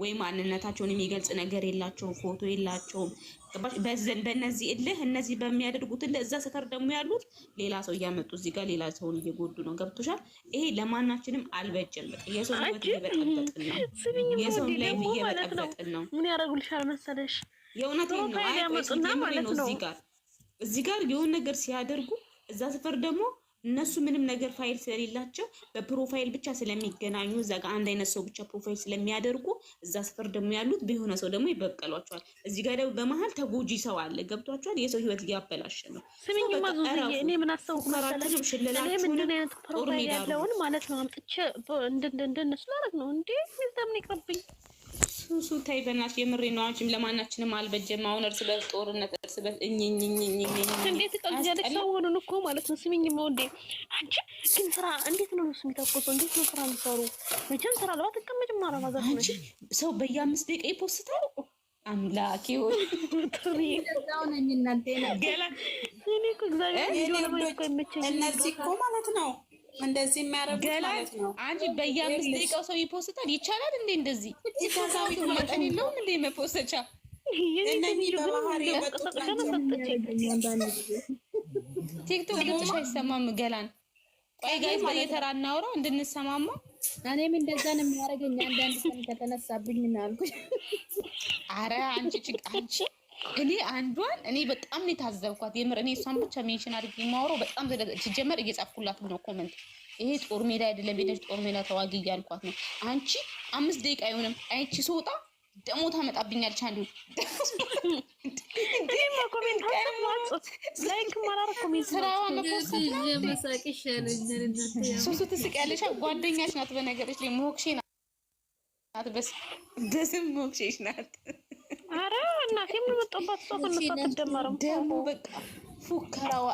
ወይም ማንነታቸውን የሚገልጽ ነገር የላቸውም፣ ፎቶ የላቸውም። በእነዚህ እልህ እነዚህ በሚያደርጉት እንደ እዛ ሰፈር ደግሞ ያሉት ሌላ ሰው እያመጡ እዚህ ጋር ሌላ ሰውን እየጎዱ ነው። ገብቶሻል? ይሄ ለማናችንም አልበጀም። በቃ የሰው ህይወት እየበጠበጥን ነው። የሰው ላይ እየበጠበጥን ነው። ምን ያደርጉልሻል መሰለሽ? የእውነቴን ነው። አይ ነው እዚህ ጋር እዚህ ጋር የሆነ ነገር ሲያደርጉ እዛ ሰፈር ደግሞ እነሱ ምንም ነገር ፋይል ስለሌላቸው በፕሮፋይል ብቻ ስለሚገናኙ እዛ ጋር አንድ አይነት ሰው ብቻ ፕሮፋይል ስለሚያደርጉ እዛ ስፍር ደግሞ ያሉት በሆነ ሰው ደግሞ ይበቀሏቸዋል። እዚህ ጋር ደግሞ በመሀል ተጎጂ ሰው አለ። ገብቷቸዋል። የሰው ህይወት ሊያበላሽ ነው። ስምኝማ ዙዬ እኔ ምን አሰብኩ መሰለሽ እኔ ምንድን አይነት ፕሮፋይል ያለውን ማለት ነው አምጥቼ እንድንድንድን ስላደረግ ነው እንዴ ሚልተምን ይቅርብኝ ሱሱ ታይ በእናትሽ የምሬ ነው። አንቺም ለማናችንም አልበጀም። አሁን እርስ በርስ ጦርነት፣ እርስ በርስ እንዴት ቀልጃለች። እኮ ማለት ነው። ስሚኝ አንቺ ግን ስራ እንዴት ነው እንዴት ነው ስራ የሚሰሩ? መቼም ስራ ሰው በየአምስት ደቂቃ ይፖስታል። ሆይ እኔ እኮ እግዚአብሔር እነዚህ እኮ ማለት ነው እንደዚህ የሚያደርጉት ማለት ነው። አንቺ በየአምስት ደቂቃው ሰው ይፖስታል። ይቻላል እንዴ እንደዚህ ታሳቢቱ መጠን የለውም እንዴ መፖሰቻ ቲክቶክ ድምፅሽ አይሰማም። ገላን ቆይ ጋይ በየተራ እናውራው እንድንሰማማ። እኔም እንደዛ ነው የሚያደርገኝ። አንዳንድ ሰው ከተነሳብኝ ምናልኩ አረ አንቺ ችግ አንቺ እኔ አንዷን እኔ በጣም የታዘብኳት። የምር እኔ እሷን ብቻ ሜንሽን አድርጌ የማወራው በጣም ሲጀመር እየጻፍኩላት ነው ኮመንት። ይሄ ጦር ሜዳ አይደለም ሄደሽ ጦር ሜዳ ተዋጊ እያልኳት ነው። አንቺ አምስት ደቂቃ አይሆንም አይቺ ስወጣ ደሞ ታመጣብኛለች። አንዱ ሶስቱ ትስቅ ያለሻ ጓደኛሽ ናት። በነገሮች ላይ ሞክሼ ናት። በስ ደስም ሞክሼሽ ናት። እናቴ የምንመጣባት ሰው ከነሱ አትደመርም። ደግሞ በቃ ፉከራዋ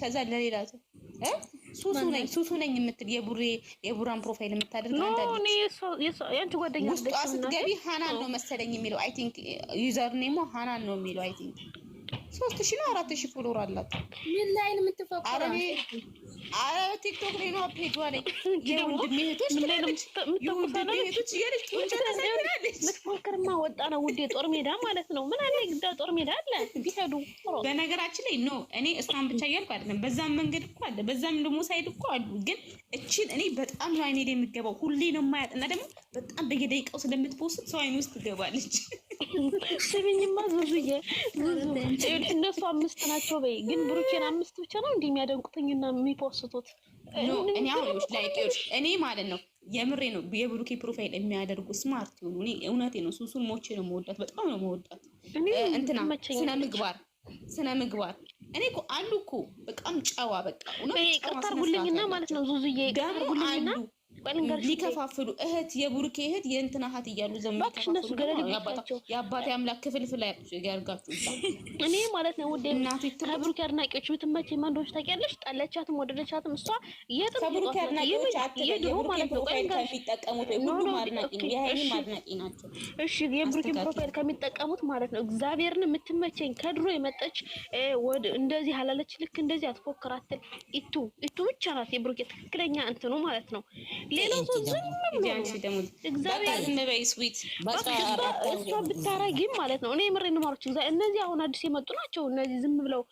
ከዛ ለሌላ ሰው ሱሱ ነኝ ሱሱ ነኝ የምትል የቡሬ የቡራን ፕሮፋይል የምታደርግ ውስጧ ስትገቢ ሀናን ነው መሰለኝ የሚለው አይ ቲንክ ዩዘር ኔሞ ሀናን ነው የሚለው አይ ቲንክ ሶስት ሺ ነው አራት ሺ ፎሎወር አላት። ምን ላይ ነው የምትፈቅረው? አረ እኔ ቲክቶክ ላይ ነው ፔጇ ላይ የወንድሜ እህቶች የወንድሜ እህቶች እያለች ጡንቻ ታሳይናለች። ልትሞክርማ ወጣ ነው ውዴ፣ ጦር ሜዳ ማለት ነው። ምን አለ ግዳ ጦር ሜዳ አለ ቢሄዱ። በነገራችን ላይ ነው እኔ እሷን ብቻ እያልኩ አይደለም። በዛም መንገድ እኮ አለ፣ በዛም ደግሞ ሳይድ እኮ አሉ። ግን እችን እኔ በጣም ነው አይኔ ላይ የምገባው፣ ሁሌ ነው የማያት እና ደግሞ በጣም በየደቂቃው ስለምትፖስት ሰው አይን ውስጥ ትገባለች። ስሚኝማ ዙዙዬ እነሱ አምስት ናቸው በይ። ግን ብሩኬን አምስት ብቻ ነው እንዲህ የሚያደንቁትኝና የሚፖስቱት እኔ ማለት ነው የምሬ ነው የብሩኬ ፕሮፋይል የሚያደርጉ ስማርት የሆኑ እኔ እውነቴ ነው ሱሱን ሞቼ ነው መወዳት፣ በጣም ነው መወዳት። እንትና ስነ ምግባር ስነ ምግባር እኔ እኮ አሉ እኮ በጣም ጨዋ በቃ ቅርታ አድርጉልኝና ማለት ነው ዙዙዬ ቅርታ አድርጉልኝና ሊከፋፍሉ እህት የቡርኬ እህት የእንትና እህት እያሉ የአባቴ አምላክ ክፍልፍል ያርጋችሁ። እኔ ማለት ነው ውዴ እናቱ ከቡርኬ አድናቂዎች የምትመች መንዶች ታውቂያለሽ። ጠለቻትም ወደደቻትም እሷ ከቡርኬ እሺ የቡርኬ ፕሮፋይል ከሚጠቀሙት ማለት ነው። እግዚአብሔርን የምትመቸኝ ከድሮ የመጠች እንደዚህ አላለች። ልክ እንደዚህ አትፎክራትል። ኢቱ ኢቱ ብቻ ናት የቡርኬ ትክክለኛ እንትኑ ማለት ነው። ሌላው ሰው ዝም ብሎ እሷ ብታረጊም ማለት ነው። እኔ የምሬን ማሮች እነዚህ አሁን አዲስ የመጡ ናቸው። እነዚህ ዝም ብለው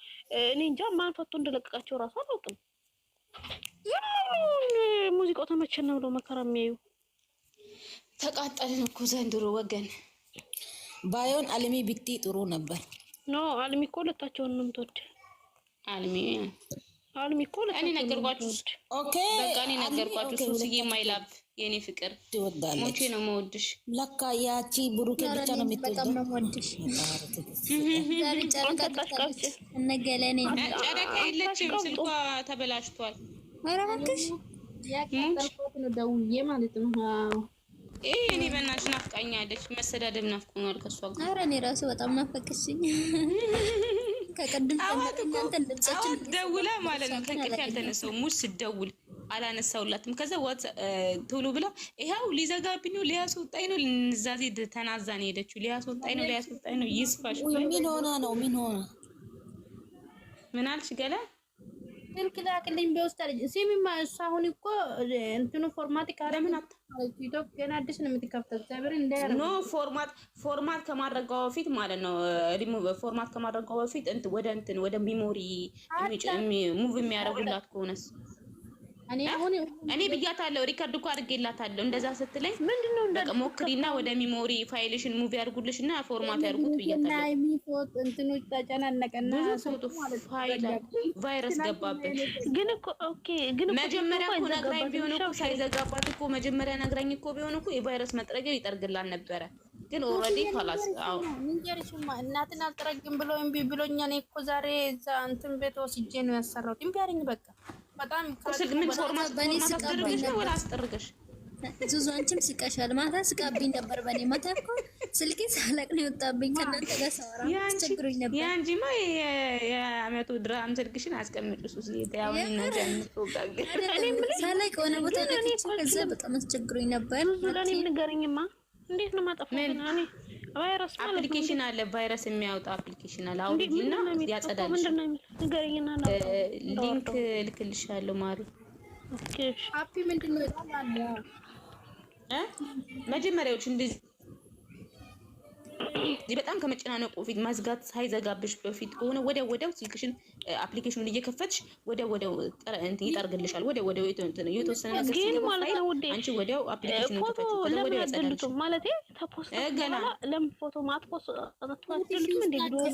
እኔ እንጃ ማን ፈቶ እንደለቀቃቸው እራሱ አላውቅም። ዝም ብሎ ሙዚቃው ተመቸን ነው ብለው መከራ የሚያዩ ተቃጠልን እኮ ዘንድሮ ወገን። ባዮን አልሚ ብቲ ጥሩ ነበር። ኖ አልሚ እኮ ሁለታቸውን ነው የምትወድ አልሚ አልሚ እኮ እኔ ነገርኳችሁ። ኦኬ በቃ እኔ ነገርኳችሁ። ሱስዬ ማይላብ የኔ ፍቅር ሞቼ ነው መወድሽ። ለካ ያቺ ብሩክ ብቻ ነው የምትወደው። ጨረቃ የለችም፣ ስልኳ ተበላሽቷል። ኧረ እባክሽ ደውዬ ማለት ነው። ይሄ እኔ በእናትሽ ናፍቃኛለች። መሰዳደብ ናፍቆኛል ከእሷ ጋር። ኧረ እኔ እራሱ በጣም ናፈቅሽኝ። ደውላ ማለት ነው ተንቅልፍ ያልተነሳው ሙድ ስደውል አላነሳውላትም። ከዛ ዋት ቶሎ ብላ ይኸው ሊዘጋብኝ ነው ሊያስወጣኝ ነው ልንዛዜ ተናዛ ነው ሊያስወጣኝ ነው ሊያስወጣኝ ነው ይስፋሽ። ምን ሆና ነው ምን ሆና ምን አልሽ ገላ ስልክ ላክልኝ በውስጥ አለች። ሲሚማ እሱ አሁን እኮ እንትኑ ፎርማት ካረምን አዲስ ነው የምትከፍተው። እግዚአብሔር እንዳያረ ፎርማት ፎርማት ከማድረጋው በፊት ማለት ነው። ፎርማት ከማድረጋው በፊት ወደ እንትን ወደ ሚሞሪ ሙቭ የሚያደርጉላት ከሆነስ እኔ አሁን እኔ ብያታለሁ፣ ሪከርድ እኮ አድርጌላታለሁ። እንደዛ ስትለኝ ምንድነው እንደ ሞክሪና ወደ ሚሞሪ ፋይልሽን ሙቪ ያርጉልሽ እና ፎርማት ያርጉት ብያታለሁ። ፋይል ቫይረስ ገባበት። ግን እኮ ኦኬ፣ ግን መጀመሪያ እኮ ነግራኝ ቢሆን እኮ ሳይዘጋባት እኮ መጀመሪያ ነግራኝ እኮ ቢሆን እኮ የቫይረስ መጥረጊያ ይጠርግላል ነበረ። ግን ኦልሬዲ ካላስ ምንጀርሽማ እናትን አልጠረግም ብሎ እምቢ ብሎኛ። እኔ እኮ ዛሬ እዛ እንትን ቤት ወስጄ ነው ያሰራሁት። እምቢ አለኝ በቃ በጣም አስጠርገሽ ዙዙ አንቺም ስቀሻል። ማታ ስቃብኝ ነበር። በኔ ማታ እኮ ስልኬ ሳለቅ ነው የወጣብኝ። ከእናንተ ጋር ሰራ አስቸግሮኝ ነበር። ያንቺማ የአመቱ ድራም ስልክሽን አስቀምጭ ሳለቅ የሆነ ቦታ ነች። ከዛ በጣም አስቸግሮኝ ነበር። ንገርኝማ እንዴት ነው ማጠፋ ቫይረስ ማለት አፕሊኬሽን አለ፣ ቫይረስ የሚያወጣ አፕሊኬሽን አለ። አውሪጂና ያጸዳልሽ። ሊንክ እልክልሻለሁ ማሪ። ኦኬ አፒ ምንድን ነው እ መጀመሪያዎች እንደዚህ በጣም ከመጨናነቁ በፊት ማዝጋት ሳይዘጋብሽ በፊት ከሆነ ወደ ወደው ስልክሽን አፕሊኬሽኑን እየከፈትሽ ወደ ወደው እንትን ይጠርግልሻል። ወደ ወደው የተወሰነ ነገር ሲገባ ሳይል አንቺ ወደው አፕሊኬሽኑን ከፈትሽ ወደ ያጸዳልሽ ማለት ነው። ገና ለምን ፎቶ ማጥፎት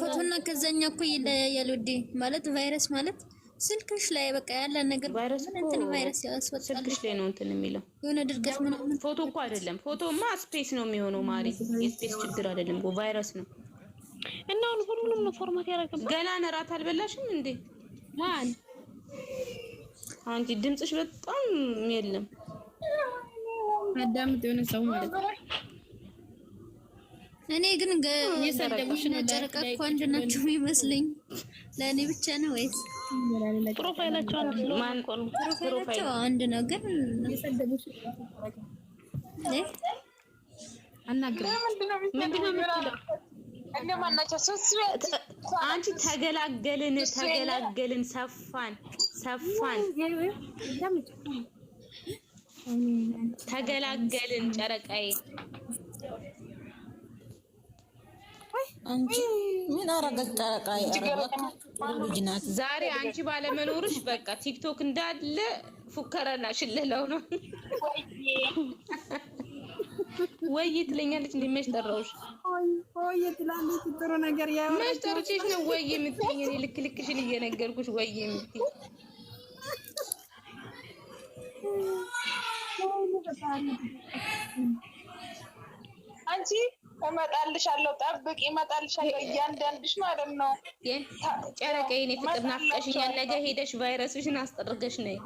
ፎቶና ከዛኛ እኮ ይለያያል ውዴ። ማለት ቫይረስ ማለት ስልክሽ ላይ በቃ ያለ ነገር ቫይረስ እንትን ቫይረስ ያስወጣል። ስልክሽ ላይ ነው እንትን የሚለው የሆነ ድርገት ምናምን። ፎቶ እኮ አይደለም ፎቶማ ስፔስ ነው የሚሆነው ማሪ። የስፔስ ችግር አይደለም ቫይረስ ነው። እና አሁን ሁሉንም ነው ፎርማት ያደረገበት። ገና እራት አልበላሽም እንዴ? ማን አንቺ ድምፅሽ በጣም የለም አዳምጥ የሆነ ሰው ማለት ነው እኔ ግን ጨረቃ እኮ አንድ ናቸው ይመስለኝ። ለእኔ ብቻ ነው ወይስ ፕሮፋይላቸው አንድ ነው? ግን አንቺ ተገላገልን፣ ተገላገልን፣ ሰፋን፣ ሰፋን፣ ተገላገልን ጨረቃዬ አንቺ ምን አረገች? ጨረቃ ልጅ ናት። ዛሬ አንቺ ባለመኖርሽ በቃ ቲክቶክ እንዳለ ፉከራና ሽለላው ነው። ወይ ትለኛለች። እንደ መች ጠራሁሽ? ወይ ትላለች። ጥሩ ነገር ያው መች ጠርቼሽ ነው ወይ የምትይኝ? እኔ ልክ ልክሽን እየነገርኩሽ ወይ የምትይኝ አንቺ እመጣልሻለሁ ጠብቅ፣ እመጣልሻለሁ እያንዳንድሽ ማለት ነው። ጨረቀ የኔ ፍቅር ናፍቀሽኛል። ነገ ሄደሽ ቫይረስሽን አስጠርገሽ ነይ።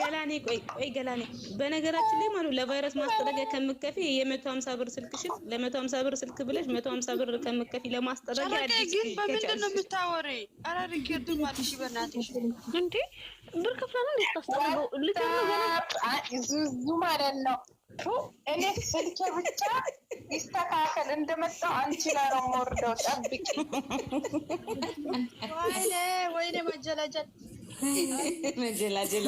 ገላኔ ቆይ ቆይ ገላኔ፣ በነገራችን ላይ ማለት ለቫይረስ ማስጠረጊያ ከምከፊ የመቶ ሀምሳ ብር ስልክሽን ለመቶ ሀምሳ ብር ስልክ ብለሽ መቶ ሀምሳ ብር ከምከፊ ለማስጠረጊያ አዲስ በምንድን ነው የምታወሪ? አራርጌ ዱማትሽ በናትሽ እንዴ ብር ከፍላ ነው ስታስጠርገው ዙዙ ማለት ነው። እኔ ስልኬ ብቻ ይስተካከል እንደመጣሁ አንቺ ላይ ሞርደው ጠብቂ ወይኔ ወይኔ፣ መጀላጀል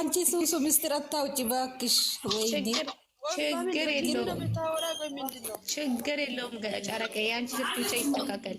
አንቺ ሱሱ ምስጢር አታውጪ እባክሽ። ችግር የለውም ችግር የለውም። ጨረቀ የአንቺ ስልክ ብቻ ይስተካከል።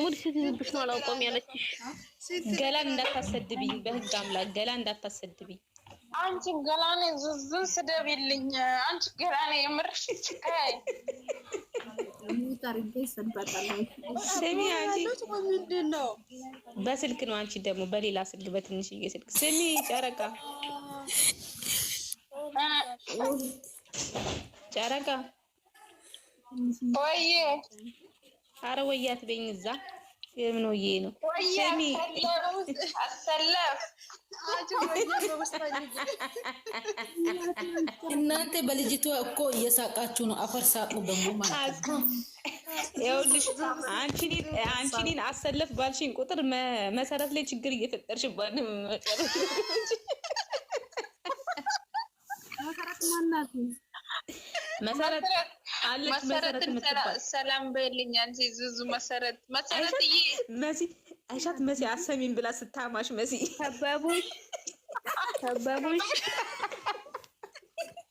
ሙድ ስትይዝብሽ ነው አላውቀውም ያለችሽ። ገላን እንዳታሰድብኝ፣ በህግ አምላክ ገላ እንዳታሰድብኝ። አንቺ ገላኔ ዝዝን ስደብልኝ። አንቺ ገላኔ የምርሽ ችካይ ስሚ በስልክ ነው። አንቺ ደግሞ በሌላ ስልክ በትንሽዬ ስልክ ስሚ ጨረቃ ጨረቃ ወይዬ አረ ወያት በኝ እዛ የምንዬ ነው እናንተ በልጅቷ እኮ እየሳቃችሁ ነው። አፈር ሳቁ ደግሞ ማለት ነው። ይኸውልሽ አንቺን አሰለፍ ባልሽን ቁጥር መሰረት ላይ ችግር እየፈጠርሽ ባን መሰረት ማናት መሰረት ሰላም በልኛ ዙዙ መሰረት መሰረትዬ መሲ አይሻት መሲ አሰሚን ብላ ስታማሽ መሲ ከበቡሽ ከበቡሽ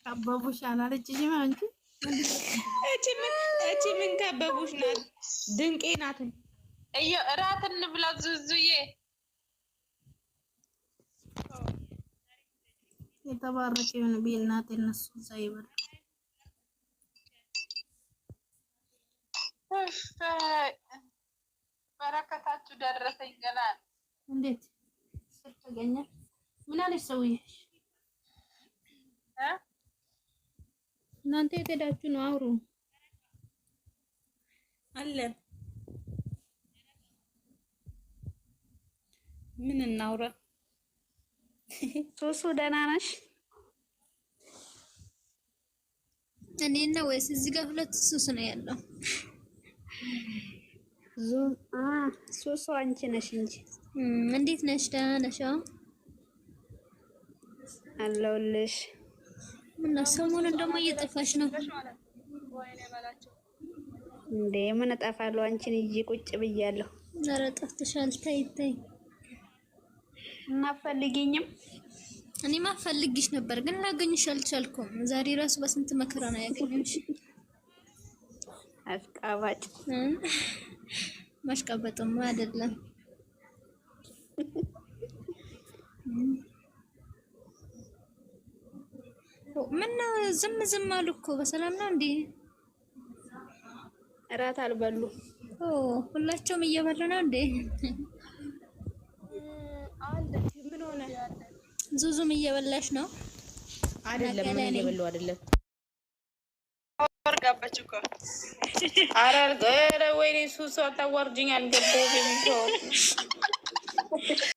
ከበቡሽ አንቺ እቺ ምን ከበቡሽ ናት ድንቄ ናት። እዮ እራት እንብላ ዙዙዬ የተባረቀ ይሁን ብዬ እነሱ እዛ ይበላል በረከታችሁ ደረሰኝ። ገና እንዴት ስር ምን አለች ሰውዬ? እናንተ የገዳችሁ ነው አውሩ አለን። ምን እናውራ? ሶሱ ደህና ነሽ? እኔ ነው ወይስ እዚህ ጋር ሁለት ሱስ ነው ያለው? ሱሱ አንቺ ነሽ እንጂ እንዴት ነሽ? ደህና ነሽ? አለሁልሽ። እና ሰሞኑን ደግሞ እየጠፋሽ ነው እንዴ? ምን እጠፋለሁ? አንቺን ይዤ ቁጭ ብያለሁ። ኧረ ጠፍተሻል። ተይ ተይ። እና አትፈልጊኝም? እኔማ እፈልግሽ ነበር ግን ላገኝሽ አልቻልኩም። ዛሬ ራሱ በስንት መከራ ነው ያገኘሁሽ። አስቃባጭ ማሽቀበጥም አይደለም። ምነው ዝም ዝም አሉ እኮ በሰላም ነው እንዴ? እራት አልበሉ? ኦ ሁላቸውም እየበሉ ነው እንዴ? ዙዙም እየበላሽ ነው አይደለም? ምን እየበሉ አይደለም ገባች እኮ አረ ወይኔ ሱሱ አታዋርጅኝ አልገባሁም